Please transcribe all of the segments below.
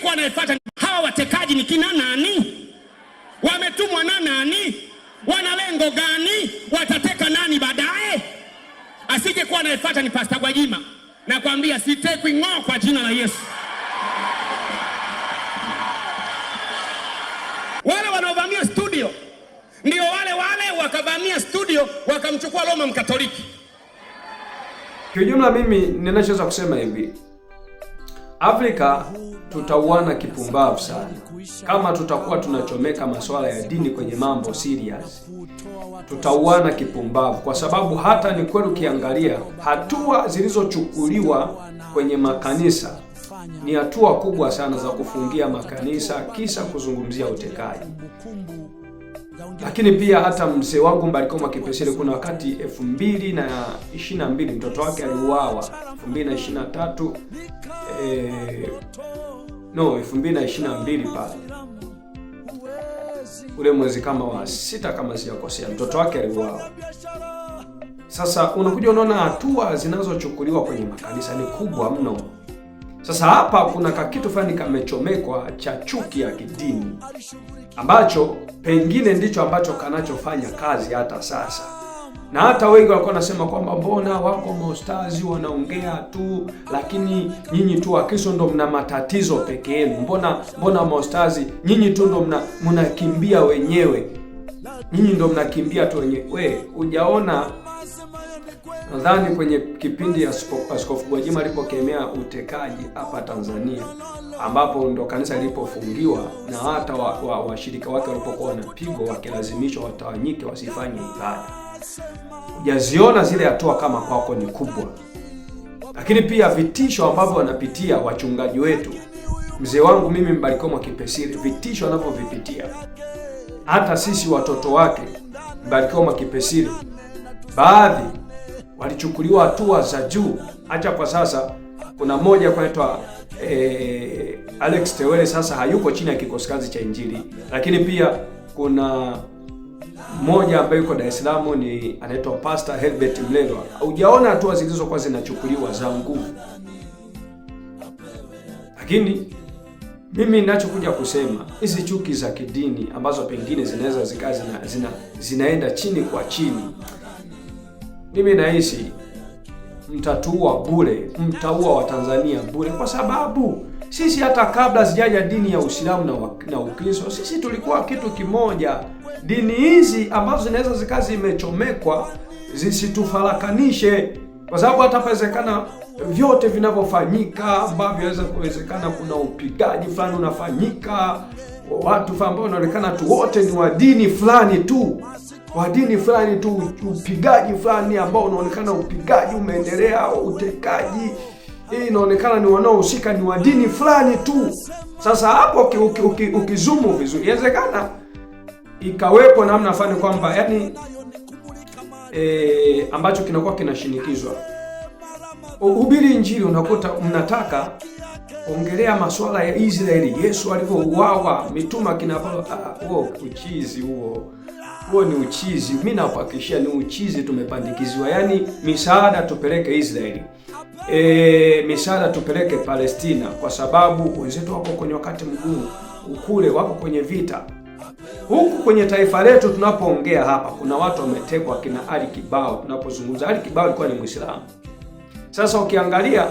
kuwa anayefuata. Hawa watekaji ni kina nani? Wametumwa na nani? Wana lengo gani? Watateka nani baadaye? kuwa anayefuata ni Pasta Gwajima. Nakwambia sitekwi ng'oo kwa jina la Yesu. Wale wanaovamia studio ndio wale wale wakavamia studio wakamchukua Roma Mkatoliki. jumla mimi ninachoweza kusema hivi Afrika tutauana kipumbavu sana kama tutakuwa tunachomeka masuala ya dini kwenye mambo serious, tutauana kipumbavu, kwa sababu hata ni kweli, ukiangalia hatua zilizochukuliwa kwenye makanisa ni hatua kubwa sana za kufungia makanisa, kisa kuzungumzia utekaji lakini pia hata mzee wangu Mbarikiwa Kipesile, kuna wakati elfu mbili na ishirini na mbili mtoto wake aliuawa, elfu mbili na ishirini na tatu eh, no elfu mbili na ishirini na mbili pale ule mwezi kama wa sita kama sijakosea, mtoto wake aliuawa. Sasa unakuja unaona hatua zinazochukuliwa kwenye makanisa ni kubwa mno. Sasa hapa kuna kakitu fulani kamechomekwa cha chuki ya kidini ambacho pengine ndicho ambacho kanachofanya kazi hata sasa. Na hata wengi walikuwa wanasema kwamba mbona wako maustazi wanaongea tu, lakini nyinyi tu Wakristo ndo mna matatizo peke yenu. Mbona mbona maustazi nyinyi tu ndo mna mnakimbia wenyewe, nyinyi ndo mnakimbia tu wenyewe. We, hujaona Nadhani kwenye kipindi Askofu Gwajima alipokemea utekaji hapa Tanzania, ambapo ndo kanisa lilipofungiwa na hata washirika wa, wa wake walipokuwa wanapigwa wakilazimishwa watawanyike wasifanye ibada, hujaziona zile hatua kama kwako ni kubwa, lakini pia vitisho ambavyo wanapitia wachungaji wetu, mzee wangu mimi Mbarikiwa Mwakipesile, vitisho anavyovipitia hata sisi watoto wake Mbarikiwa Mwakipesile baadhi walichukuliwa hatua za juu. Hata kwa sasa kuna mmoja kwaitwa e, eh, Alex Tewele, sasa hayuko chini ya kikosi kazi cha Injili, lakini pia kuna mmoja ambaye yuko Dar es Salaam ni anaitwa Pastor Herbert Mlelwa. Hujaona hatua zilizokuwa zinachukuliwa za nguvu, lakini mimi ninachokuja kusema hizi chuki za kidini ambazo pengine zinaweza zikaa zina, zina, zinaenda chini kwa chini mimi naishi mtatuua bure, mtaua wa tanzania bure, kwa sababu sisi hata kabla sijaja dini ya Uislamu na, na Ukristo sisi tulikuwa kitu kimoja. Dini hizi ambazo zinaweza zikaa zimechomekwa zisitufarakanishe, kwa sababu hatawezekana vyote vinavyofanyika ambavyo vinaweza kuwezekana, kuna upigaji fulani unafanyika, watu ambao wanaonekana tu wote ni wa dini fulani tu wa dini fulani tu, upigaji fulani ambao unaonekana upigaji umeendelea, utekaji hii inaonekana ni wanaohusika ni wa dini fulani tu. Sasa hapo ukizumu vizuri, inawezekana ikawepo namna fulani kwamba yani e, ambacho kinakuwa kinashinikizwa. Uhubiri Injili unakuta mnataka ongelea masuala ya Israeli, Yesu alivyouawa, mituma kina ah, uchizi huo huo ni uchizi. Mimi nawahakikishia ni uchizi tumepandikiziwa, yaani misaada tupeleke Israeli, e, misaada tupeleke Palestina, kwa sababu wenzetu wako kwenye wakati mgumu, ukule wako kwenye vita huku kwenye taifa letu tunapoongea hapa, kuna watu wametekwa kina Ali Kibao. Tunapozungumza Ali Kibao alikuwa ni Mwislamu. Sasa ukiangalia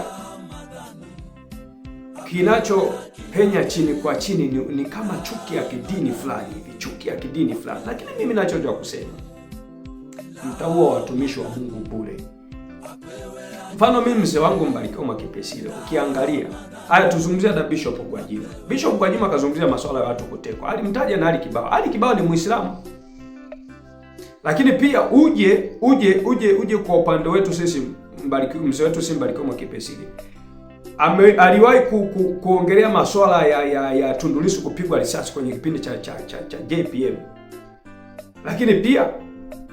kinachopenya chini kwa chini ni, ni kama chuki ya kidini fulani hivi, chuki ya kidini fulani. Lakini mimi nachojua kusema mtaua watumishi wa Mungu bure. Mfano mimi mzee wangu Mbarikiwa Mwakipesile, ukiangalia haya, tuzungumzia da Bishop Gwajima. Bishop Gwajima akazungumzia masuala ya watu kutekwa, alimtaja na Ali Kibao. Ali Kibao ni Muislamu, lakini pia uje uje uje uje kwa upande wetu sisi, Mbarikiwa mzee wetu si Mbarikiwa Mwakipesile ame, aliwahi ku, ku, kuongelea masuala ya, ya, ya Tundu Lissu kupigwa risasi kwenye kipindi cha, cha, cha, cha JPM, lakini pia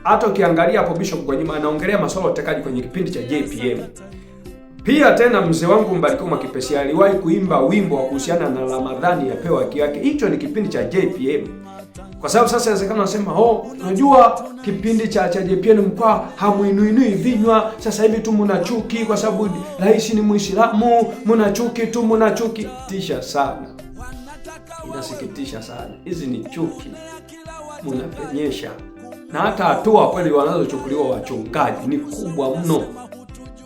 hata ukiangalia hapo Bishop Gwajima anaongelea masuala ya utekaji kwenye kipindi cha JPM. Pia tena mzee wangu Mbarikiwa Kipesi aliwahi kuimba wimbo wa kuhusiana na Ramadhani ya pewa haki yake, hicho ni kipindi cha JPM kwa sababu sasa inawezekana unasema oh, unajua kipindi cha cha JPN mkwa hamuinuinui vinywa, sasa hivi tu muna chuki kwa sababu rais ni Muislamu, muna chuki tu, muna chuki. Tisha sana, inasikitisha sana. Hizi ni chuki munapenyesha, na hata hatua kweli wanazochukuliwa wachungaji ni kubwa mno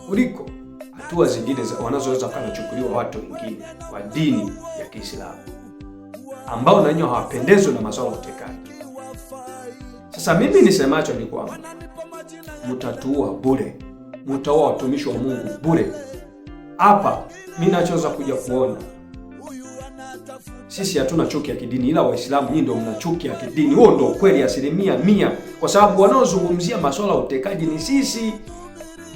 kuliko hatua zingine wanazoweza wanazowezakuchukuliwa watu wengine wa dini ya Kiislamu ambao na wenyewe hawapendezwi na masuala ya utekaji. Sasa mimi nisemacho ni kwamba mtatuua bure, mtaua watumishi wa Mungu bure. Hapa mimi nachoweza kuja kuona sisi hatuna chuki ya kidini, ila Waislamu nyinyi ndio mna chuki ya kidini. Huo ndio kweli asilimia mia, kwa sababu wanaozungumzia masuala ya utekaji ni sisi.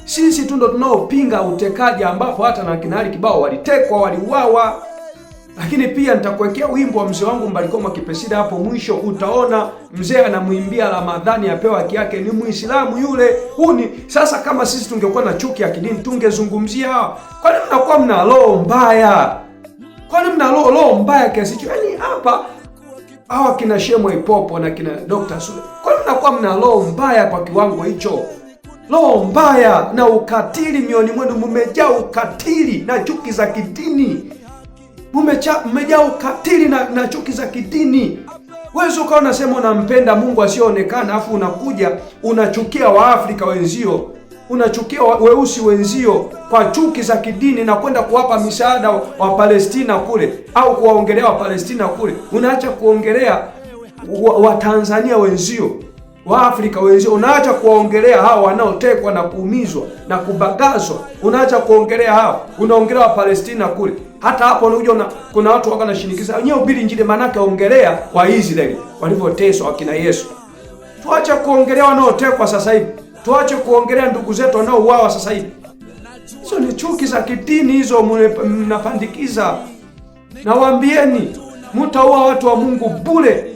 Sisi tu ndio tunaopinga utekaji, ambapo hata na kinahali kibao walitekwa, waliuawa lakini pia nitakuwekea wimbo wa mzee wangu Mbarikiwa Kipesida hapo mwisho. Utaona mzee anamwimbia Ramadhani apewa haki yake, ni Muislamu yule. Huu ni sasa, kama sisi tungekuwa na chuki ya kidini tungezungumzia hawa. Kwani mnakuwa mna roho mbaya? Kwani mna roho mbaya kiasi hicho? Yaani hapa hawa kina Shemwe Ipopo na kina Dr. Sule, kwani mnakuwa mna roho mbaya kwa kiwango hicho? Roho mbaya na ukatili mioni mwenu, mmejaa ukatili na chuki za kidini mmejaa ukatili na, na chuki za kidini. Wewe ukawa unasema unampenda Mungu asiyoonekana, afu unakuja unachukia Waafrika wenzio, unachukia weusi wenzio kwa chuki za kidini na kwenda kuwapa misaada wa Palestina kule au kuwaongelea wa Palestina kule, unaacha kuongelea Watanzania wa wenzio Waafrika wenzio, unaacha kuwaongelea hao wanaotekwa na kuumizwa na kubagazwa, unaacha kuongelea hao, unaongelea Wapalestina kule hata hapo unajua una, kuna watu wako wanashinikiza wenyewe ubiri injili, maanake ongelea kwa Israeli walivyoteswa wakina Yesu. Tuache kuongelea wanaotekwa sasa hivi, tuache kuongelea ndugu zetu wanaouawa sasa hivi. Hizo ni chuki za kidini, hizo mnapandikiza. Nawaambieni, mtaua watu wa Mungu bure.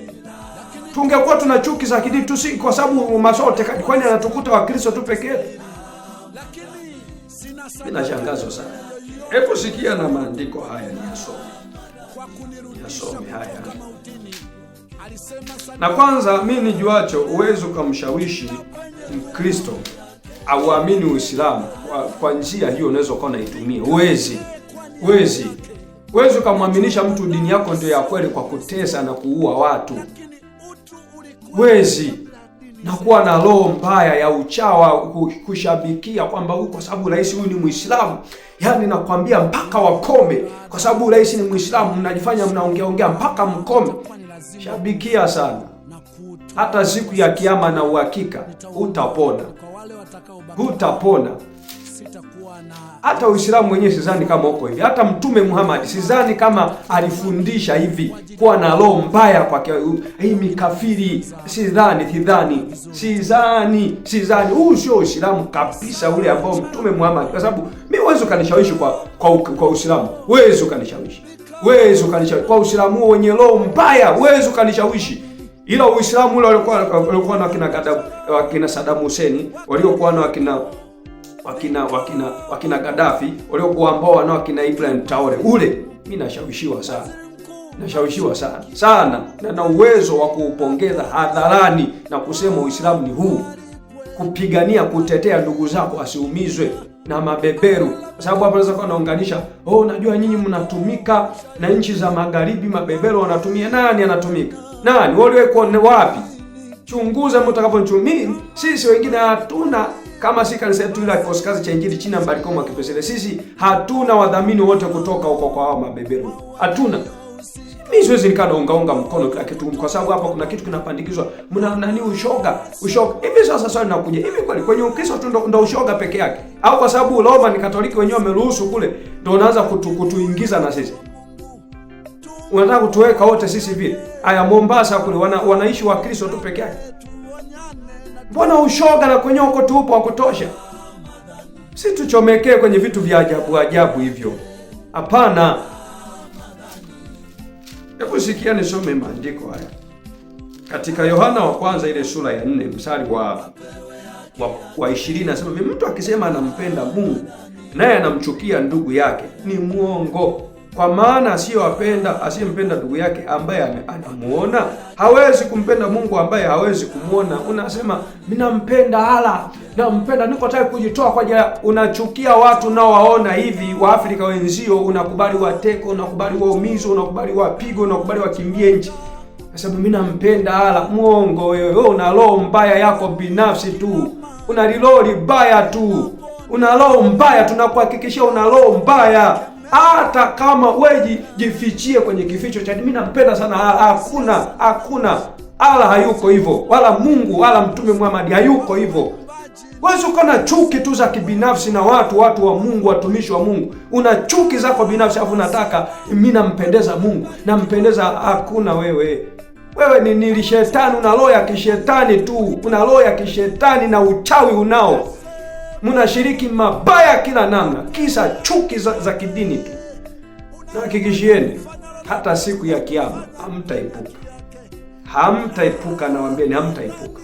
Tungekuwa tuna chuki za kidini tusi, kwa sababu masuala utekaji, kwani anatukuta Wakristo tu pekee? Mimi nashangazwa sana. Hebu sikia na maandiko haya ni yasome, yasome haya. Na kwanza mimi nijuacho, uwezi ukamshawishi Mkristo auamini Uislamu kwa njia hiyo, unaweza ukawa naitumia. Uwezi, uwezi, uwezi ukamwaminisha mtu dini yako ndio ya kweli kwa kutesa na kuua watu, uwezi na kuwa na roho mbaya ya uchawa, kushabikia kwamba kwa sababu rais huyu ni Muislamu. Yaani nakwambia mpaka wakome, kwa sababu rais ni Muislamu, mnajifanya mnaongeaongea mpaka mkome. Shabikia sana, hata siku ya kiama na uhakika utapona hutapona. Hata Uislamu mwenyewe sizani kama uko hivi. Hata Mtume Muhammad sizani kama alifundisha hivi kuwa na roho mbaya kwa hii mikafiri, sidhani, sidhani, sidhani, sidhani. Huu sio Uislamu kabisa ule ambao Mtume Muhammad, kwa sababu mimi huwezi ukanishawishi kwa kwa, kwa Uislamu, huwezi ukanishawishi, huwezi ukanishawishi kwa Uislamu huo wenye roho mbaya, huwezi ukanishawishi ila Uislamu ule waliokuwa na wakina Gaddafi, wakina Saddam Hussein waliokuwa na wakina wakina wakina wakina Gaddafi waliokuwa ambao wanao wakina Ibrahim Traore ule, mimi nashawishiwa sana, nashawishiwa sana sana, na na uwezo wa kuupongeza hadharani na kusema Uislamu ni huu, kupigania kutetea ndugu zako asiumizwe na mabeberu, kwa sababu hapo naweza naunganisha, oh, najua nyinyi mnatumika na nchi za magharibi, mabeberu wanatumia. Nani anatumika? Nani? Wewe uliwahi kuona wapi? chunguza mimi utakaponichunguza. Sisi wengine hatuna kama si kanisa yetu ila kikosi kazi cha injili chini ambaliko mwa Kipesele, sisi hatuna wadhamini wote kutoka huko kwa hao mabeberu, hatuna. Mimi siwezi unga mkono kila kitu, kwa sababu hapa kuna kitu kinapandikizwa, mna nani, ushoga ushoga. Hivi sasa swali linakuja hivi, kweli kwenye Ukristo tu ndo ushoga peke yake, au kwa sababu Roma ni Katoliki wenyewe wameruhusu kule, ndo unaanza kutuingiza na sisi unataka kutuweka wote sisi vile? Aya, Mombasa kule wana, wanaishi Kristo tu peke yake. Mbona ushoga na kwenye huko tupo wa kutosha? Si tuchomekee kwenye vitu vya ajabu ajabu hivyo, hapana. Hebu sikia nisome maandiko haya katika Yohana wa kwanza ile sura ya nne mstari wa wa, wa ishirini nasema, mtu akisema anampenda Mungu naye anamchukia ndugu yake ni mwongo. Kwa maana asiyowapenda asiyempenda ndugu yake ambaye anamuona hawezi kumpenda Mungu ambaye hawezi kumwona. Unasema nampenda hala, nampenda, niko tayari kujitoa kwa ajili. Unachukia watu unaowaona hivi Waafrika wenzio, unakubali wateko, unakubali waumizwe, unakubali wapigwe, unakubali wakimbie nchi kwa sababu nampenda hala. Mwongo wewe, wewe una roho mbaya yako binafsi tu, una liloli baya tu, una roho mbaya, tunakuhakikishia una roho mbaya hata kama weji jifichie kwenye kificho cha mimi nampenda sana, hakuna hakuna, ala hayuko hivyo, wala Mungu wala Mtume Muhammad hayuko hivyo. Wewe uko na chuki tu za kibinafsi na watu watu wa Mungu, watumishi wa Mungu, una chuki zako binafsi, afu nataka mimi nampendeza Mungu, nampendeza. Hakuna wewe wewe ni, ni shetani, una roho ya kishetani tu, una roho ya kishetani na uchawi unao mnashiriki mabaya kila namna, kisa chuki za, za kidini tu. Na hakikishieni hata siku ya kiama hamtaepuka, hamtaepuka, nawaambieni hamtaepuka,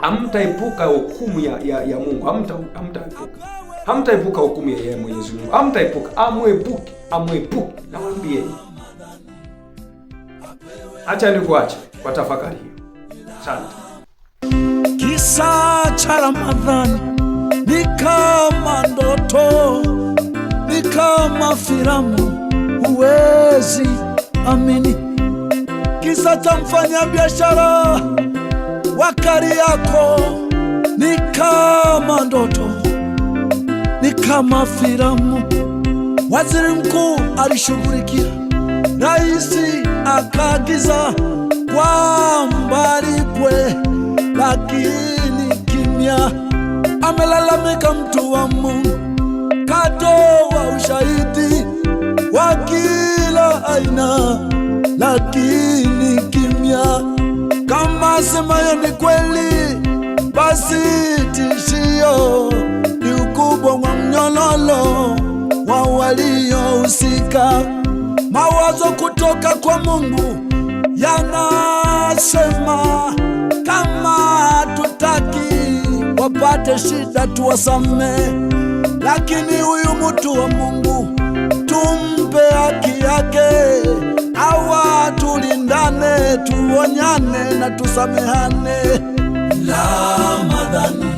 hamtaepuka hukumu ya, ya, ya Mungu, hamtaepuka, hamtaepuka hukumu ya Mwenyezi Mungu, hamtaepuka, amwepuki, amwepuki, nawaambieni. Acha nikuache kwa tafakari hiyo. Asante. Kisa cha Ramadhani ni kama ndoto, ni kama filamu, huwezi amini. Kisa cha mfanyabiashara wa Kariakoo ni kama ndoto, ni kama filamu. Waziri mkuu alishughulikia, raisi akaagiza kwamba lipwe, lakini kimya Kalalamika mtu wa Mungu, katoa ushahidi wa kila aina, lakini kimya. Kama semayo ni kweli, basi tishio ni ukubwa wa mnyololo wa waliohusika. Mawazo kutoka kwa Mungu yanasema kama tutaki wapate shida tuwasame, lakini huyu mtu wa Mungu tumpe haki yake, awa tulindane, tuonyane na tusamehane. Ramadhani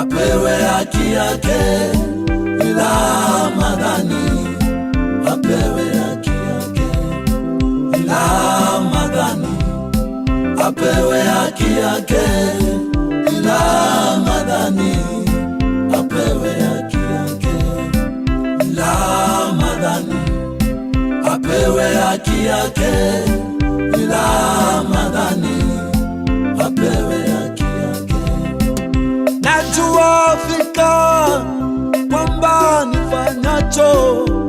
apewe haki yake, Ramadhani apewe haki yake, Ramadhani apewe haki yake apewe haki yake, ila Ramadhani apewe haki yake. Najua fika kwamba nifanyacho